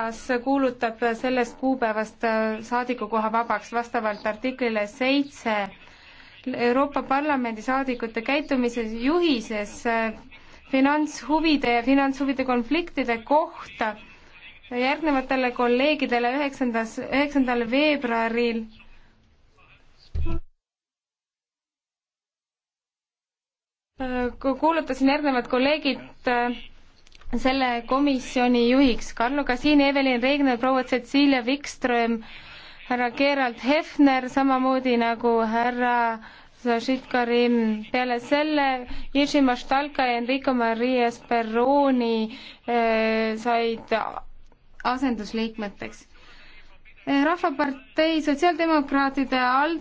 Poolas kuulutab sellest kuupäevast saadikukoha vabaks vastavalt artiklile seitse Euroopa Parlamendi saadikute käitumise juhises finantshuvide ja finantshuvide konfliktide kohta järgnevatele kolleegidele üheksandas, üheksandal veebruaril kuulutasin järgnevad kolleegid selle komisjoni juhiks Carlo Kasiini, Evelin Regner, proua Cecilia Wikström, härra Gerald Hefner, samamoodi nagu härra Zažit Karim, peale selle Jiri Maštalka ja Enrico Marias Perroni äh, said asendusliikmeteks. rahvapartei Sotsiaaldemokraatide ALDE